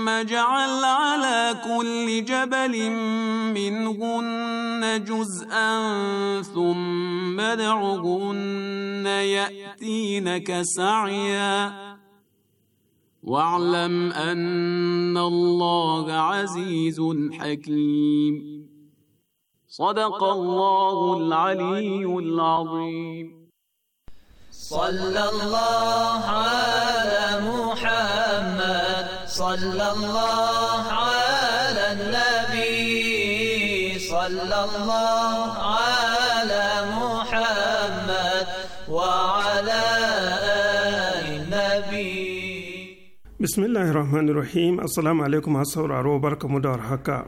ثم جعل على كل جبل منهن جزءا ثم ادعهن يأتينك سعيا واعلم أن الله عزيز حكيم صدق الله العلي العظيم صلى الله على محمد صلى الله على النبي صلى الله على محمد وعلى بسم الله الرحمن الرحيم السلام عليكم أصحاب بركة مدار حكا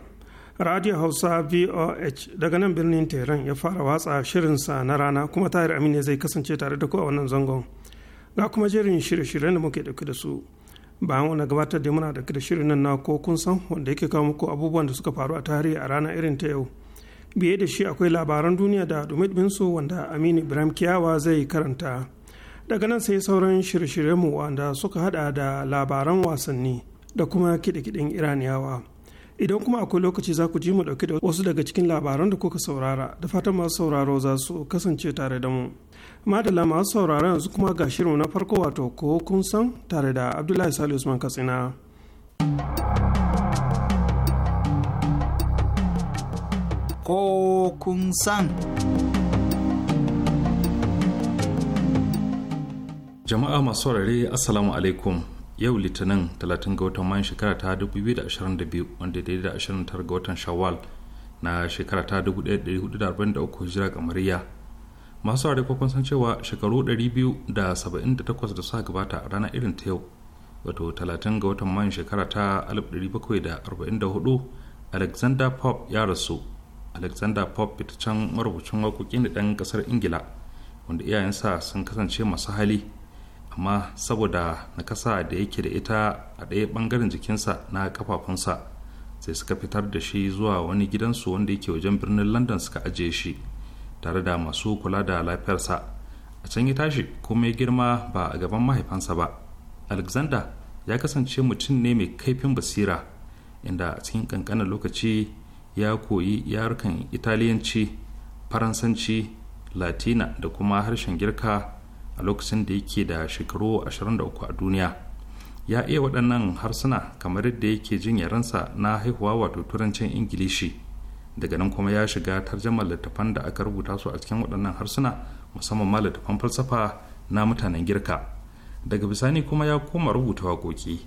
Radio Hausa VOH daga nan birnin Tehran ya fara watsa shirinsa na rana kuma Tahir Aminu zai kasance tare da ku a wannan zangon. Ga kuma jerin shirye-shiryen da muke dauke da su. bayan wani gabatar da muna da shirin nan na ko kun san wanda yake kawo muku abubuwan da suka faru a tarihi a rana irin ta yau biye da shi akwai labaran duniya da domin binsu wanda aminu ibrahim kiyawa zai karanta daga nan sai sauran shirye-shiryenmu wanda suka hada da labaran wasanni da kuma kiɗe-kiɗen iraniyawa idan kuma akwai lokaci za ku ji mu dauke da wasu daga cikin labaran da kuka saurara da fatan masu sauraro za su kasance tare da mu madalla masu sauraro yanzu kuma ga shirin na farko wato ko kun san tare da abdullahi sali usman katsina ko kun san jama'a masu saurare assalamu alaikum yau litinin 30 ga watan mayan shekara ta 2022 wanda daidai da 29 ga watan shawwal na shekara ta 1443 hijira kamariya masu ware kwakwan san cewa shekaru 278 da suka gabata a ranar irin ta yau wato 30 ga watan mayan shekara ta 1744 alexander pope ya rasu alexander pope fitaccen marubucin waƙoƙi na ɗan ƙasar ingila wanda iyayensa sun kasance masu hali amma saboda nakasa da yake da ita a ɗaya ɓangaren jikinsa na kafafunsa sai suka fitar da shi zuwa wani gidansu wanda yake wajen birnin london suka ajiye shi tare da masu kula da lafiyarsa a can ya tashi kuma ya girma ba a gaban mahaifansa ba alexander ya kasance mutum ne mai kaifin basira inda a cikin kankanin lokaci ya koyi yarukan italiyanci faransanci latina da kuma harshen girka a lokacin da yake da shekaru 23 a duniya ya iya waɗannan harsuna kamar yadda yake jin yarensa na haihuwa wato turancin ingilishi daga nan kuma ya shiga tarjamar littafan da aka rubuta su a cikin waɗannan harsuna musamman ma littattafan falsafa na mutanen girka daga bisani kuma ya koma rubuta waƙoƙi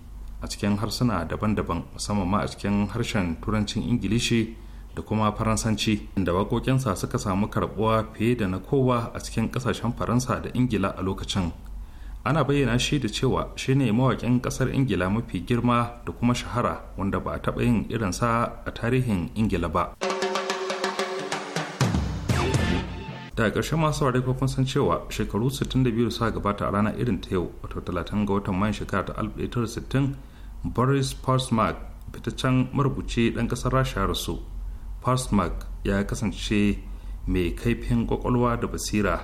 a cikin harsuna daban-daban musamman ma a cikin harshen turancin ingilishi da kuma faransanci inda wakokinsa suka samu karbuwa fiye da na kowa a cikin kasashen faransa da ingila a lokacin ana bayyana shi da cewa shine mawakin kasar ingila mafi girma da kuma shahara wanda ba a taɓa yin irinsa a tarihin ingila ba. daga ƙarshen masu ware kun san cewa shekaru 62 suka gabata a rana irin ta yau wato 30 ga watan mayan shekara ta 1960 boris postmark fitaccen marubuci ɗan ƙasar rasha rasu postmark ya kasance mai kaifin kwakwalwa da basira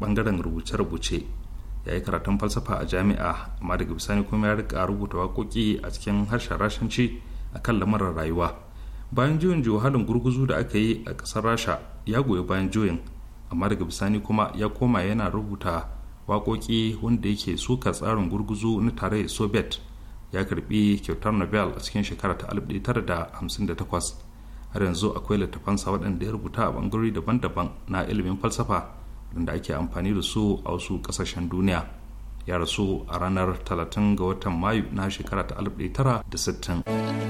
bangaren rubuce-rubuce ya yi karatun falsafa a jami'a amma daga bisani kuma ya rika rubuta waƙoƙi a cikin harshen rashanci a kan lamarin rayuwa bayan juyin halin gurguzu da aka yi a ƙasar rasha ya goyi bayan juyin amma daga bisani kuma ya koma yana rubuta waƙoƙi wanda yake suka tsarin gurguzu na tarayyar soviet ya karbi kyautar nobel a cikin shekara ta 1958 har yanzu akwai littafansa waɗanda ya rubuta a bangarori daban-daban na ilimin falsafa waɗanda ake amfani da su a wasu ƙasashen duniya ya rasu a ranar 30 ga watan mayu na shekara ta 1960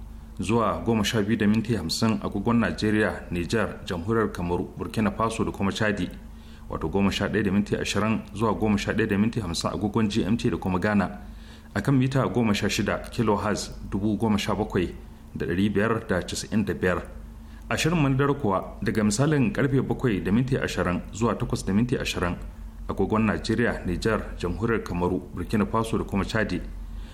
zuwa goma sha biyu da agogon najeriya nijar jamhuriyar kamaru burkina faso da kuma chadi wato goma sha ɗaya da zuwa goma sha ɗaya agogon gmt da kuma ghana akan mita goma sha shida kilohertz dubu goma sha bakwai da biyar da da ashirin manadar kuwa daga misalin karfe bakwai da minti ashirin zuwa takwas da minti ashirin agogon najeriya nijar jamhuriyar kamaru burkina faso da kuma chadi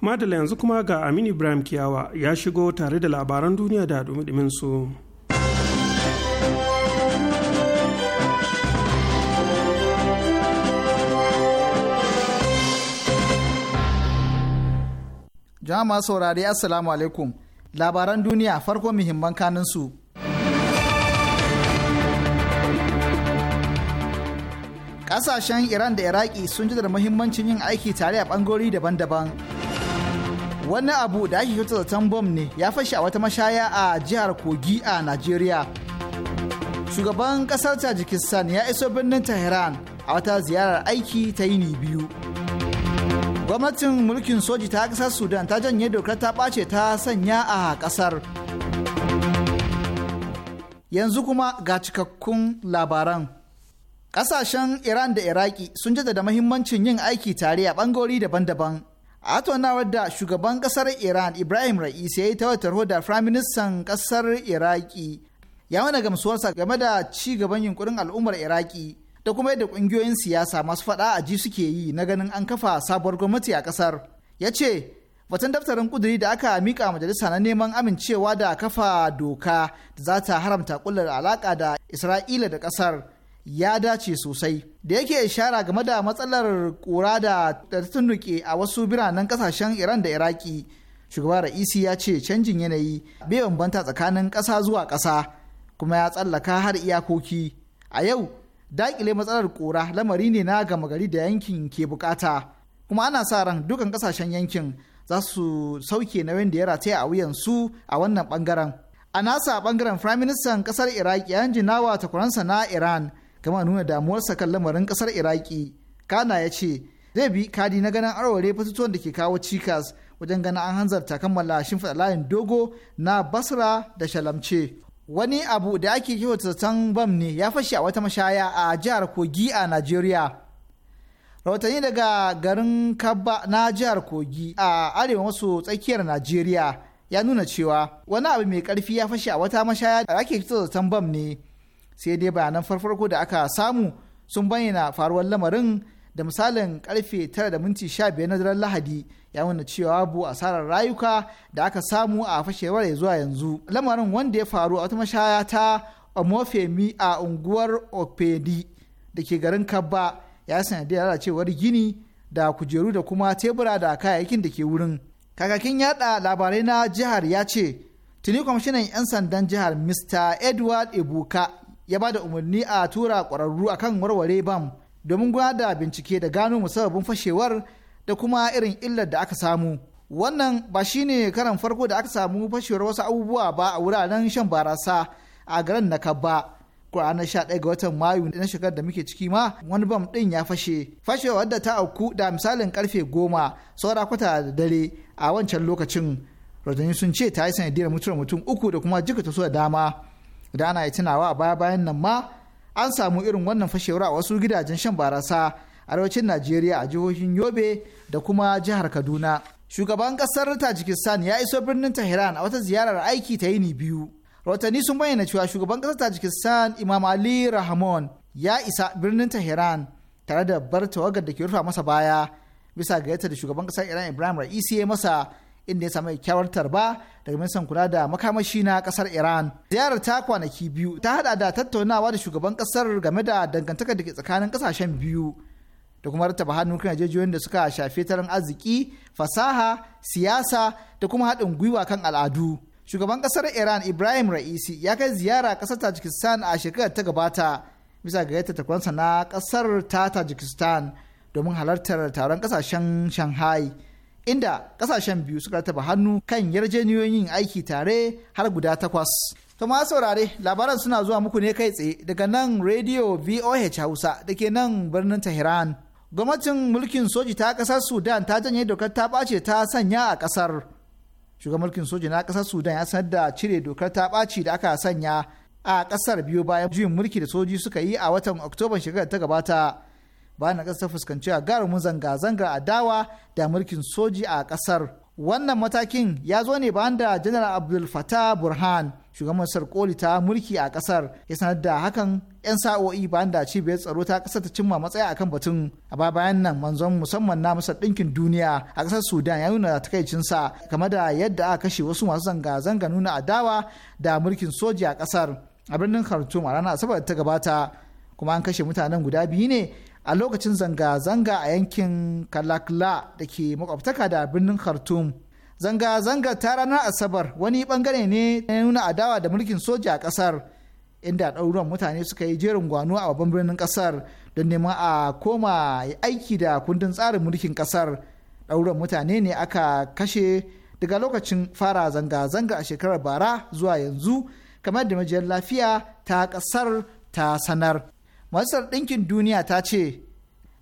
Madala yanzu kuma ga Aminu Ibrahim Kiyawa ya shigo tare da labaran duniya da dumi su. Jama'a saurari Assalamu alaikum. Labaran duniya farko muhimman kanin su. Ƙasashen Iran da Iraki sun ji da muhimmancin yin aiki tare a ɓangarori daban-daban. wani abu da ake kyauta zaton bom ne ya fashe a wata mashaya a jihar kogi a najeriya shugaban kasar tajikistan ya iso birnin tehran a wata ziyarar aiki ta yini biyu gwamnatin mulkin soji ta kasar sudan ta janye dokar ta ɓace ta sanya a kasar yanzu kuma ga cikakkun labaran ƙasashen iran da iraki sun jaddada mahimmancin yin aiki tare a ɓangarori daban-daban a tattaunawar da shugaban kasar iran ibrahim ra'isi ya yi tawatar da firaministan kasar iraki ya mana gamsuwarsa game da ci gaban yunkurin al'ummar iraki da kuma yadda kungiyoyin siyasa masu fada a ji suke yi na ganin an kafa sabuwar gwamnati a kasar ya ce batun daftarin kuduri da aka mika majalisa na neman amincewa da kafa doka da za ta haramta kullar alaka da isra'ila da kasar ya dace sosai da yake ishara game da matsalar kura da ta tunduke a wasu biranen kasashen iran da iraki shugaban ra'isi ya ce canjin yanayi bai bambanta tsakanin ƙasa zuwa ƙasa kuma ya tsallaka har iyakoki a yau daƙile matsalar kura lamari ne na gama gari da yankin ke bukata kuma ana sa ran dukan ƙasashen yankin za su sauke nauyin da ya rataya a wuyan su a wannan bangaren a nasa bangaren firaministan ƙasar iraki ya jinawa takwaransa na iran gama nuna damuwarsa kan lamarin kasar iraki kana ya ce zai bi kadi na ganin arware fasutuwan da ke kawo cikas wajen ganin an hanzarta kammala shimfiɗa layin dogo na basra da shalamce wani abu da ake kyautatan bam ne ya fashe a wata mashaya a jihar kogi a najeriya rahotanni daga garin kabba na jihar kogi a arewa maso tsakiyar najeriya ya nuna cewa wani abu mai karfi ya fashe a wata mashaya da ake kyautatan bam ne sai dai bayanan farfarko da aka samu sun bayyana faruwar lamarin da misalin karfe 9 da minti 15 na daren lahadi ya nuna cewa bu asarar rayuka da aka samu a fashewar ya zuwa yanzu lamarin wanda ya faru a wata mashaya ta omofemi a unguwar opedi da ke garin kabba ya sanadiyar lalacewar gini da kujeru da kuma tebura da kayayyakin da ke wurin kakakin yada labarai na jihar ya ce tuni kwamishinan 'yan sandan jihar mr edward ebuka ya ba da umarni a tura ƙwararru akan warware bam domin da bincike da gano musabbabin fashewar da kuma irin illar da aka samu wannan ba shi ne karan farko da aka samu fashewar wasu abubuwa ba a wuraren shan barasa a garin na kabba ranar 11 ga watan mayu na shigar da muke ciki ma wani bam ɗin ya fashe fashewa da ta auku da misalin karfe goma saura kwata da dare a wancan lokacin rajani sun ce ta yi sanadiyar mutuwar mutum uku da kuma jikata su da dama idan ana tunawa a baya bayan nan ma an samu irin wannan fashewar a wasu gidajen shan barasa arewacin najeriya a jihohin yobe da kuma jihar kaduna shugaban kasar tajikistan ya iso birnin tehran a wata ziyarar aiki ta yini biyu rahotanni sun bayyana cewa shugaban kasar tajikistan imam ali rahmon ya isa birnin tehran tare da bar tawagar da ke rufa masa baya bisa ga yadda da shugaban kasar iran ibrahim ra'isi ya masa inda ya samu kyawartar ba daga ministan kula da makamashi na kasar iran ziyarar ta kwanaki biyu ta hada da tattaunawa da shugaban kasar game da dangantakar da ke tsakanin kasashen biyu da kuma rattaba hannu kan yarjejiyoyin da suka shafi tarin arziki fasaha siyasa da kuma haɗin gwiwa kan al'adu shugaban kasar iran ibrahim ra'isi ya kai ziyara kasar tajikistan a shekarar ta gabata bisa ga yadda takwansa na kasar ta tajikistan domin halartar taron kasashen shanghai inda kasashen biyu suka taba hannu kan yarjejeniyoyin aiki tare har guda takwas. To ma saurare labaran suna zuwa muku ne kai tsaye daga nan Radio VOH Hausa da ke nan birnin Tehran. Gwamnatin mulkin soji ta kasar Sudan ta janye dokar ta ɓace ta sanya a kasar. Shugaban mulkin soji na kasar Sudan ya sanar da cire dokar ta ɓace da aka sanya a kasar biyu bayan juyin mulki da soji suka yi a watan Oktoban shekarar ta gabata. bayan ƙasar ta fuskanci a mun zanga zanga a dawa da mulkin soji a ƙasar. Wannan matakin ya zo ne bayan da general Abdul Fattah Burhan shugaban sar koli ta mulki a kasar. ya sanar da hakan 'yan sa'o'i bayan da cibiyar tsaro ta ƙasar ta cimma matsaya kan batun a bayan nan manzon musamman na masar ɗinkin duniya a kasar sudan ya nuna takaicinsa game da yadda aka kashe wasu masu zanga-zanga nuna adawa da mulkin soji a ƙasar a birnin khartoum a ranar asabar ta gabata kuma an kashe mutanen guda biyu ne a lokacin zanga-zanga a yankin kalakla da ke makwabtaka da birnin khartoum zanga-zanga ta ranar asabar wani bangare ne na nuna adawa da mulkin soja a kasar inda ɗaruruwan mutane suka yi jerin gwano a babban birnin kasar don neman a koma aiki da kundin tsarin mulkin kasar ɗaruruwan mutane ne aka kashe daga lokacin fara zanga-zanga a shekarar bara zuwa yanzu kamar da majiyar lafiya ta kasar ta sanar Majalisar Ɗinkin Duniya ta ce,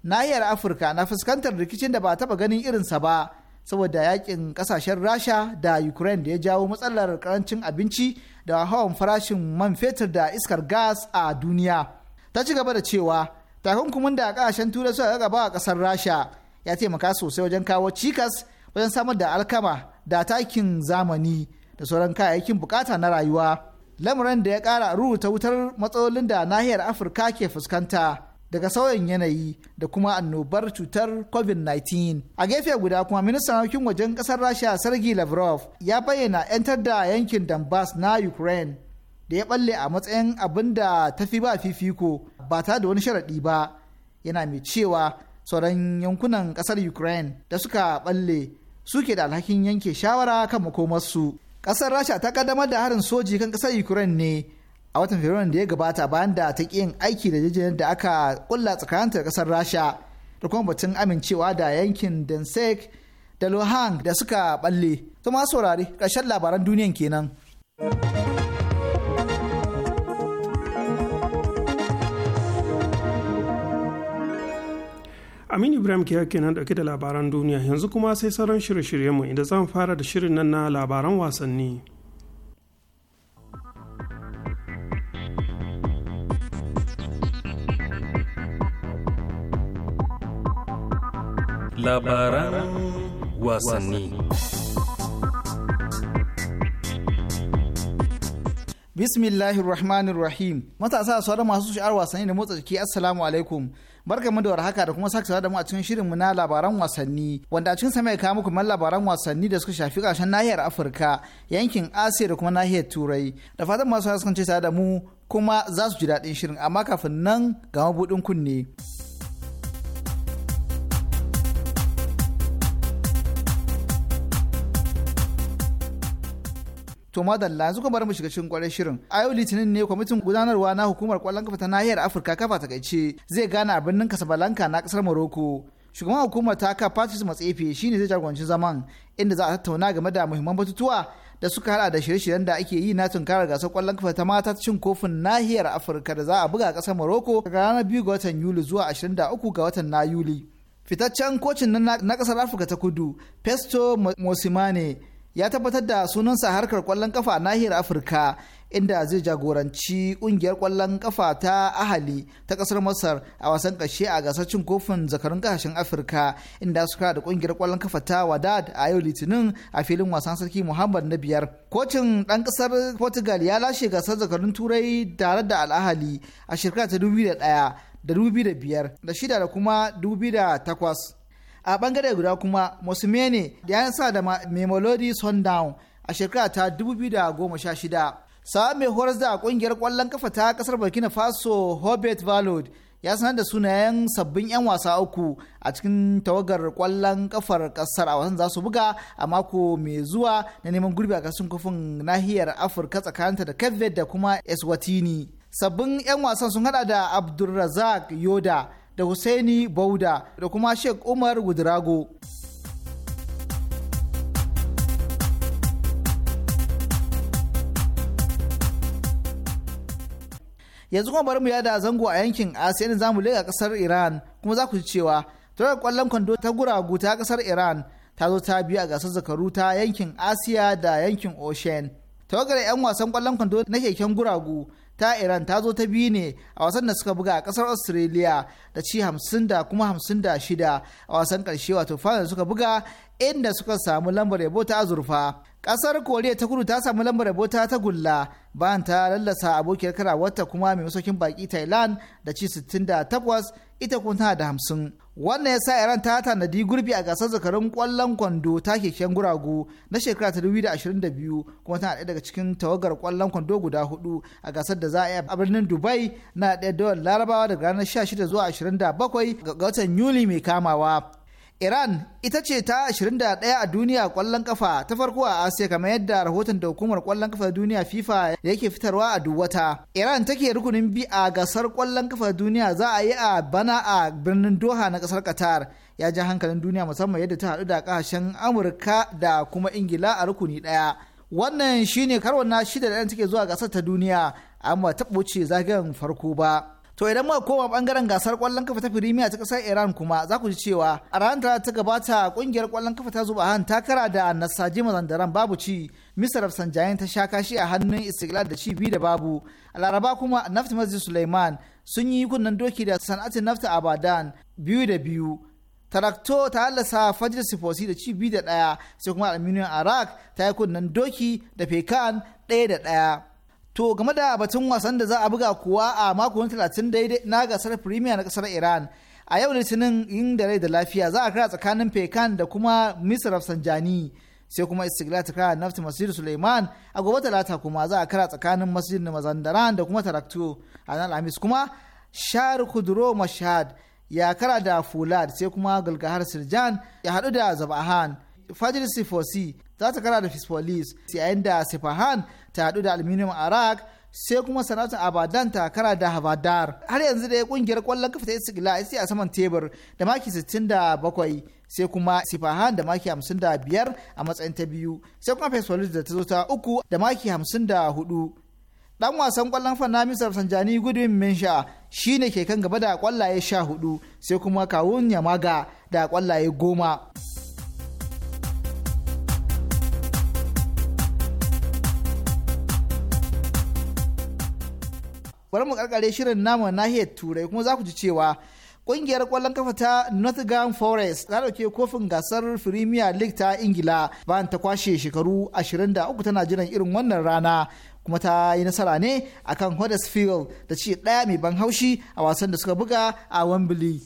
Nahiyar Afirka na fuskantar rikicin da ba taba ganin irinsa ba, saboda yakin ƙasashen Rasha da Ukraine da ya jawo matsalar karancin abinci da hawan farashin man fetur da iskar gas a duniya. Ta ci gaba da cewa, takunkumin da ƙasashen Turai suka gaba a ƙasar Rasha ya taimaka sosai wajen kawo cikas wajen samar da alkama da takin zamani da sauran kayayyakin bukata na rayuwa. lamarin da ya ƙara rubuta wutar matsalolin da nahiyar afirka ke fuskanta daga sauyin yanayi da kuma annobar cutar covid-19 a gefe guda kuma ministan harkokin wajen ƙasar rasha sergei lavrov ya bayyana 'yantar da yankin donbass na ukraine da ya balle a matsayin abin da tafi ba fifiko ba ta da wani sharaɗi ba yana mai cewa sauran yankunan ƙasar ukraine da suka balle suke da alhakin yanke shawara kan makomarsu kasar Rasha ta kaddamar da harin soji kan kasar Ukraine ne a watan Fabrairu da ya gabata bayan da ta ƙi yin aiki da jijiyar da aka kulla tsakaninta da kasar Rasha da kuma batun amincewa da yankin Donetsk da Luhansk da suka balle. ma saurari ƙarshen labaran duniyan kenan. Aminu Ibrahim ke nan dauke da labaran duniya yanzu kuma sai sauran shirye-shiryenmu inda zan fara da shirin nan na labaran wasanni. Labaran wasanni Bismillahirrahmanirrahim. Matasa sauran masu shi'ar wasanni da motsa jiki Assalamu alaikum. barka mu da warhaka da kuma sake da mu a cikin mu na labaran wasanni wanda a cikin sa mai kawo muku man labaran wasanni da suka shafi ƙarshen nahiyar Afirka yankin Asiya da kuma nahiyar Turai da fatan masu haskan ce da mu kuma za su ji daɗin shirin amma kafin nan ga mabuɗin kunne. To madalla yanzu kuma mu shiga cikin kwarai shirin. A yau Litinin ne kwamitin gudanarwa na hukumar kwallon kafa ta nahiyar Afirka kafa ta kaice zai gane a birnin kasabalanka na kasar Morocco. Shugaban hukumar ta ka Patrice Matsefe shine zai jagoranci zaman inda za a tattauna game da muhimman batutuwa da suka hada da shirye-shiryen da ake yi na tunkarar gasar kwallon kafa ta mata ta cin kofin nahiyar Afirka da za a buga a kasar Morocco daga ranar biyu ga watan Yuli zuwa uku ga watan na Yuli. Fitaccen kocin na kasar Afirka ta Kudu, Festo Mosimane ya tabbatar da sunansa harkar kwallon kafa nahiyar afirka inda zai jagoranci kungiyar kwallon kafa ta ahali ta kasar masar a wasan kashe a gasar cin kofin zakarun kasashen afirka inda suka da kungiyar kwallon kafa ta wadad a yau litinin a filin wasan sarki muhammad na biyar kocin ɗan kasar portugal ya lashe gasar zakarun turai tare da al'ahali a shekara ta 2001 da 2005 da shida da kuma 2008 a bangare guda kuma musumeni ya sa da memolodi sundown a shekara ta 2016 sa mai horas da kungiyar kwallon kafa ta kasar burkina faso hobert valod ya sanar da sunayen sabbin 'yan wasa uku a cikin tawagar kwallon kafar kasar a wasan za su buga a mako mai zuwa na neman gurbi a kasan kofin nahiyar afirka tsakaninta da kevin da kuma eswatini sabbin 'yan wasan sun hada da abdulrazak yoda da Husaini Bauda da kuma Sheikh Umar Gudrago. yanzu kuma bari mu yada zango a yankin asiya za mu lega kasar iran kuma za ku ji cewa tawagar kwallon kwando ta guragu ta kasar iran ta zo ta biyu a gasar zakaru ta yankin asiya da yankin ocean tawagar 'yan wasan kwallon kwando na keken guragu ta iran ta zo ta biyu ne a wasan da suka buga a kasar australia da ci hamsin da kuma hamsin da shida a wasan karshe wato da suka buga inda suka samu lambar yabo ta azurfa kasar koriya ta kudu ta samu lambar yabo ta gulla bayan ta lallasa abokiyar karawarta kuma mai masaukin baki thailand da ci 68 ita kuma tana da hamsin wannan ya sa iran ta tanadi gurbi a gasar zakarun kwallon kwando ta keken guragu na shekara ta 2022 kuma tana daya daga cikin tawagar kwallon kwando guda hudu a gasar da za a yi a birnin dubai na ɗaya dawar larabawa daga ranar 16 zuwa 27 ga watan yuli mai kamawa Iran ita ce ta 21 a duniya kwallon kafa ta farko a Asiya kamar yadda rahoton da hukumar kwallon kafa duniya FIFA yake fitarwa a duwata. Iran take rukunin bi a gasar kwallon kafa duniya za a yi a bana a birnin Doha na kasar Qatar. Ya ji hankalin duniya musamman yadda ta haɗu da kasashen Amurka da kuma Ingila a rukuni ɗaya. Wannan shine karo na shida da take zuwa gasar ta duniya amma ta wuce zagayen farko ba. To idan muka koma bangaren gasar kwallon kafa ta Firimiya ta kasar Iran kuma za ku ji cewa a ranar ta gabata kungiyar kwallon kafa ta zuba han takara kara da Nasaji Mazandaran babu ci Misar Rafsanjayan ta sha kashi a hannun Istiklal da ci biyu da babu. A Laraba kuma nafti Masjid Suleiman sun yi kunnen doki da sana'atin Nafta Abadan biyu da biyu. Tarakto ta halasa Fajr Sifosi da ci biyu da ɗaya sai kuma Aluminium Arak ta yi kunnen doki da Fekan ɗaya da ɗaya. To game da batun wasan da za a buga kuwa a makon talatin daidai na gasar firimiya na kasar Iran. A yau Litinin yin da rai da lafiya za a kira tsakanin Pekan da kuma Misr Rafsanjani. Sai kuma Istiklal ta kira Nafti Masjid Suleiman a gobe Talata kuma za a kira tsakanin Masjid Mazandaran da kuma Tarakto. A nan Alhamis kuma Shar Kuduro mashad ya kara da Fulad sai kuma Galgahar Sirjan ya haɗu da Zabahan. fajir sifosi za ta kara da fisfolis yayin da sifahan ta hadu da aluminium arak sai kuma sanatun abadan ta kara da havadar har yanzu da kungiyar kwallon kafa ta istigla isi a saman tebur da maki 67 sai kuma sifahan da maki 55 a matsayin ta biyu sai kuma fesfolis da ta zo ta uku da maki 54 dan wasan kwallon fana misar sanjani gudun minsha shi ne ke kan gaba da kwallaye sha hudu sai kuma kawun yamaga da kwallaye goma. bari mu karkare shirin namu nahiyar turai kuma za ku ji cewa kungiyar kwallon kafa ta Nottingham Forest ta dauke kofin gasar Premier League ta Ingila bayan ta kwashe shekaru 23 tana jiran irin wannan rana kuma ta yi nasara ne akan Huddersfield da ci ɗaya mai ban haushi a wasan da suka buga a Wembley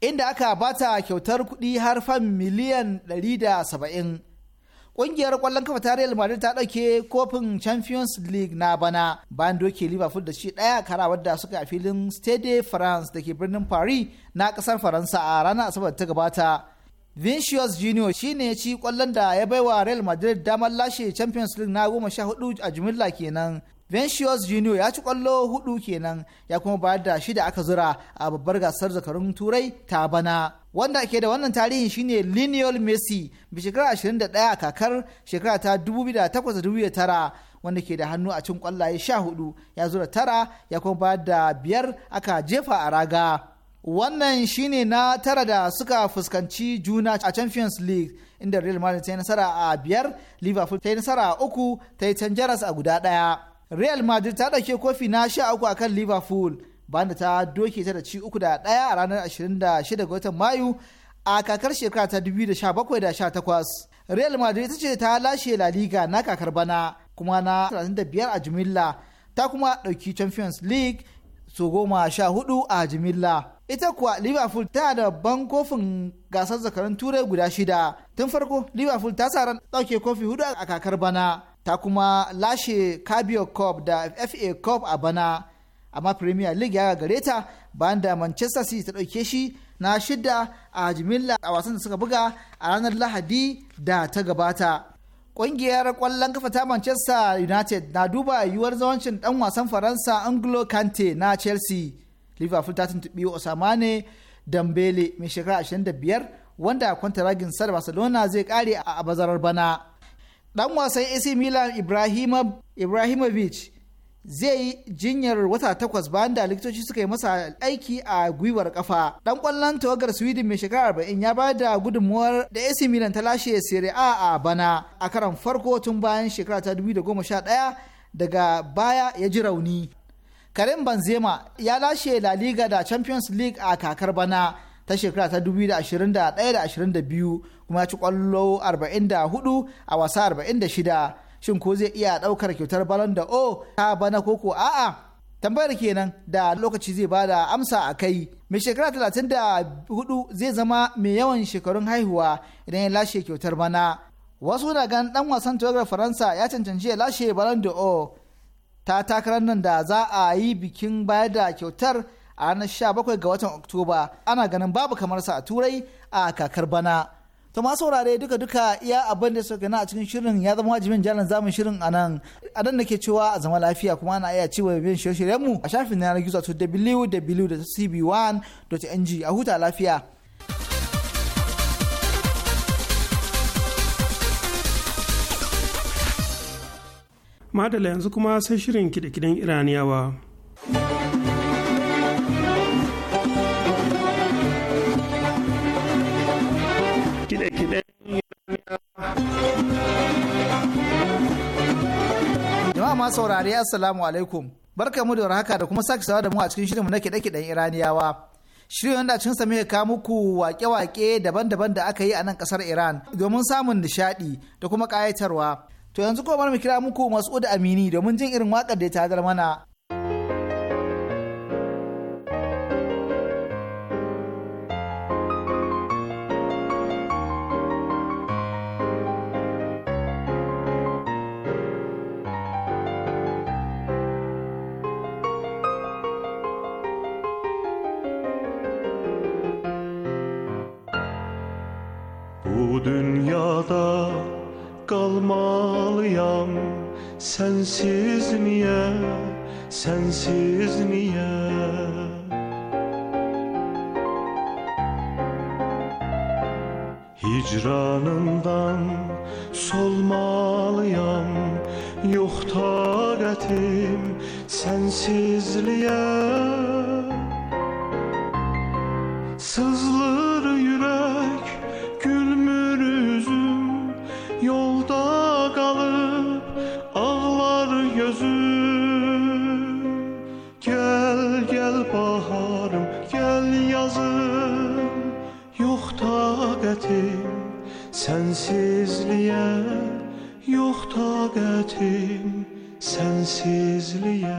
inda aka bata kyautar kuɗi har fam miliyan 170 Ƙungiyar ƙwallon kafa ta Real Madrid ta ɗauke kofin Champions League na bana bayan doke Liverpool da shi ɗaya karawar da suka a filin Stade France da ke birnin Paris na ƙasar Faransa a ranar Asabar da ta gabata. Vinicius Junior shi ne ya ci ƙwallon da ya baiwa Real Madrid damar lashe Champions League na goma sha hudu a jimilla kenan Vincius Junior ya ci kwallo hudu kenan ya kuma bayar da shida aka zura a babbar gasar zakarun turai ta bana. Wanda ke da wannan tarihin shine Lionel Messi bi shekara 21 kakar shekara ta 2008-2009 wanda ke da hannu a cin kwallaye 14 ya zura tara ya kuma bayar da biyar aka jefa a raga. wannan shine na tara da suka fuskanci juna a champions league inda real madrid ta yi nasara a biyar liverpool ta yi nasara a uku ta yi canjaras a guda ɗaya real madrid ta ɗauke kofi na sha uku akan liverpool bayan da ta doke ta da ci uku da ɗaya a ranar 26 ga watan mayu a kakar shekara ta 2017 da 18 real madrid ta ce ta lashe la liga na kakar bana kuma na 35 a jimilla ta kuma ɗauki champions league so goma sha hudu a jimilla ita kuwa liverpool ta da babban kofin gasar zakarun turai guda shida tun farko liverpool ta sa ran ɗauke kofi hudu a kakar bana ta kuma lashe Cabio Cup da FA Cup a bana amma Premier League ya gare ta bayan da Manchester City ta ɗauke shi na shida a jimilla a wasan da suka buga a ranar Lahadi da ta gabata. Ƙungiyar kwallon kafa ta Manchester United na duba yiwuwar zawancin ɗan wasan Faransa Anglo Kante na Chelsea. Liverpool ta tuntuɓi Osamane Dambele mai shekara 25 wanda kwanta ragin sar Barcelona zai kare a bazarar bana. ɗan wasan AC Milan Ibrahimovic zai yi jinyar wata takwas bayan da likitoci suka yi masa aiki a gwiwar kafa. ɗan ƙwallon tawagar Sweden mai shekara arba'in ya ba da gudunmuwar da AC Milan ta lashe Serie A a bana a karan farko tun bayan shekara ta 2011 daga baya ya ji rauni. Karim Benzema ya lashe La da Champions League a kakar bana ta shekara ta 2021 da 22 kuma ya ci kwallo 44 a wasa 46 shin ko zai iya daukar kyautar balon da o ta bana koko a'a tambayar kenan da lokaci zai bada amsa a kai mai shekara 34 zai zama mai yawan shekarun haihuwa idan ya lashe kyautar bana wasu na gan dan wasan tawagar faransa ya cancanci ya lashe balon da o ta takarar nan da za a yi bikin bayar da kyautar a ranar 17 ga watan oktoba ana ganin babu kamar sa a turai a kakar bana to ma saurare duka duka iya abin da suka na a cikin shirin ya zama wajibin jalan zamun shirin a nan a nan nake cewa a zama lafiya kuma ana iya cewa bin shirye mu a shafin yanar gizo to www.cb1.ng a huta lafiya madala yanzu kuma sai shirin kiɗe-kiɗen iraniyawa kuma saurari assalamu alaikum. Barka mu da haka da kuma sake sawa da mu a cikin shirinmu na kiɗe-kiɗen Iraniyawa. Shirin wanda cikin sa muke muku wake-wake daban-daban da aka yi a nan ƙasar Iran domin samun nishaɗi da kuma ƙayatarwa. To yanzu kuma mu kira muku Mas'ud Amini domin jin irin wakar da ya tazar mana dünyada kalmalıyam Sensiz niye, sensiz niye Hicranından solmalıyam Yok taqətim sensizliyə taqəti sənsizliyə yox taqətim sənsizliyə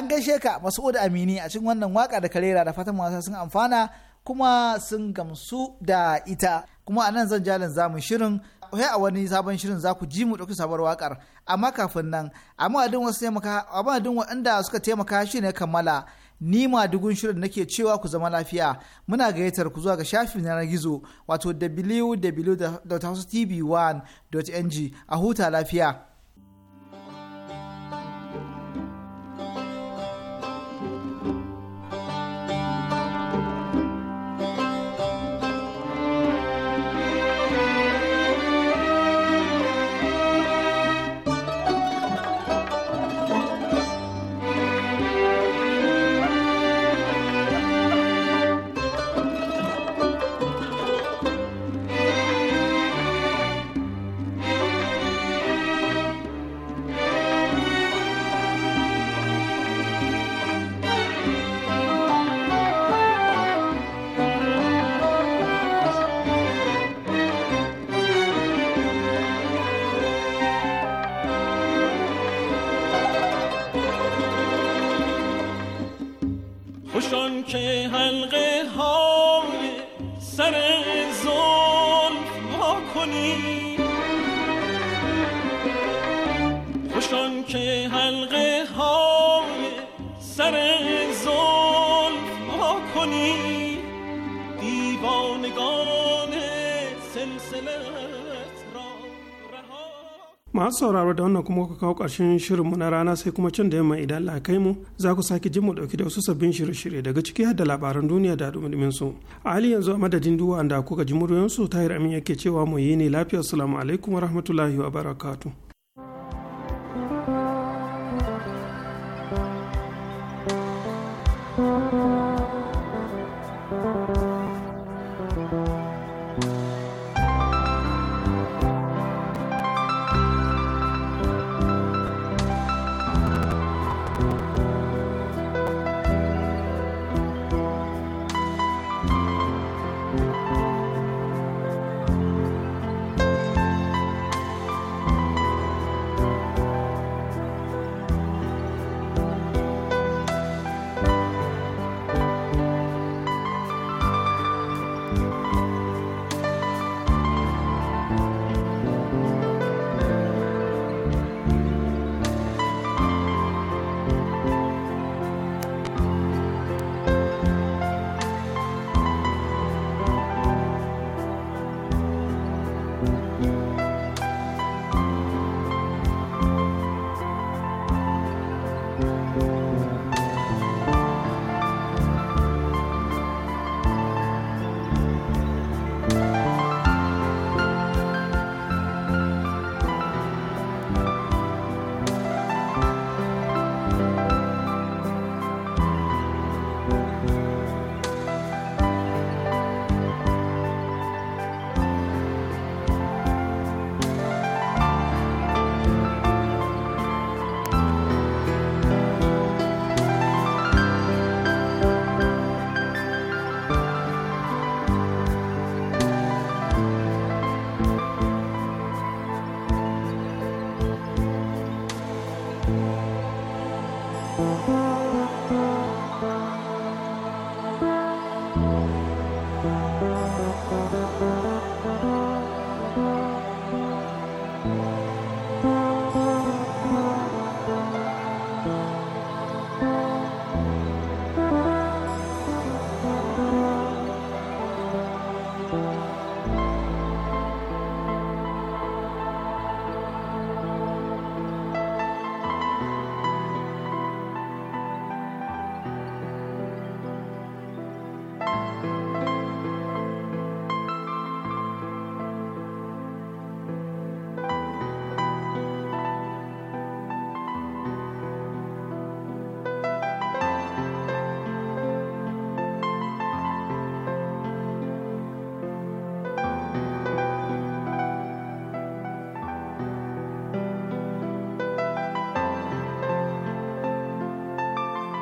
an gaishe ka oda Amini a cikin wannan waka da karera da fatan wasa sun amfana kuma sun gamsu da ita kuma a nan zan jalin zamu shirin sai a wani sabon shirin za ku ji mu ɗauki sabuwar wakar amma kafin nan amma adin wasu taimaka amma waɗanda suka taimaka shi ne kammala ni ma dugun shirin nake cewa ku zama lafiya muna gayyatar ku zuwa ga shafin na gizo wato wwwtv 1ng a huta lafiya. masu sauraro da wannan kuma ka kawo ƙarshen shirinmu na rana sai kuma can da yamma idan Allah kai mu za ku sake jin mu dauki da wasu sabbin shirye-shirye daga ciki har da labaran duniya da dumin su a hali yanzu a madadin duwa da kuka ji muryoyin su tahir amin yake cewa mu yi ne lafiya assalamu alaikum wa rahmatullahi wa barakatuh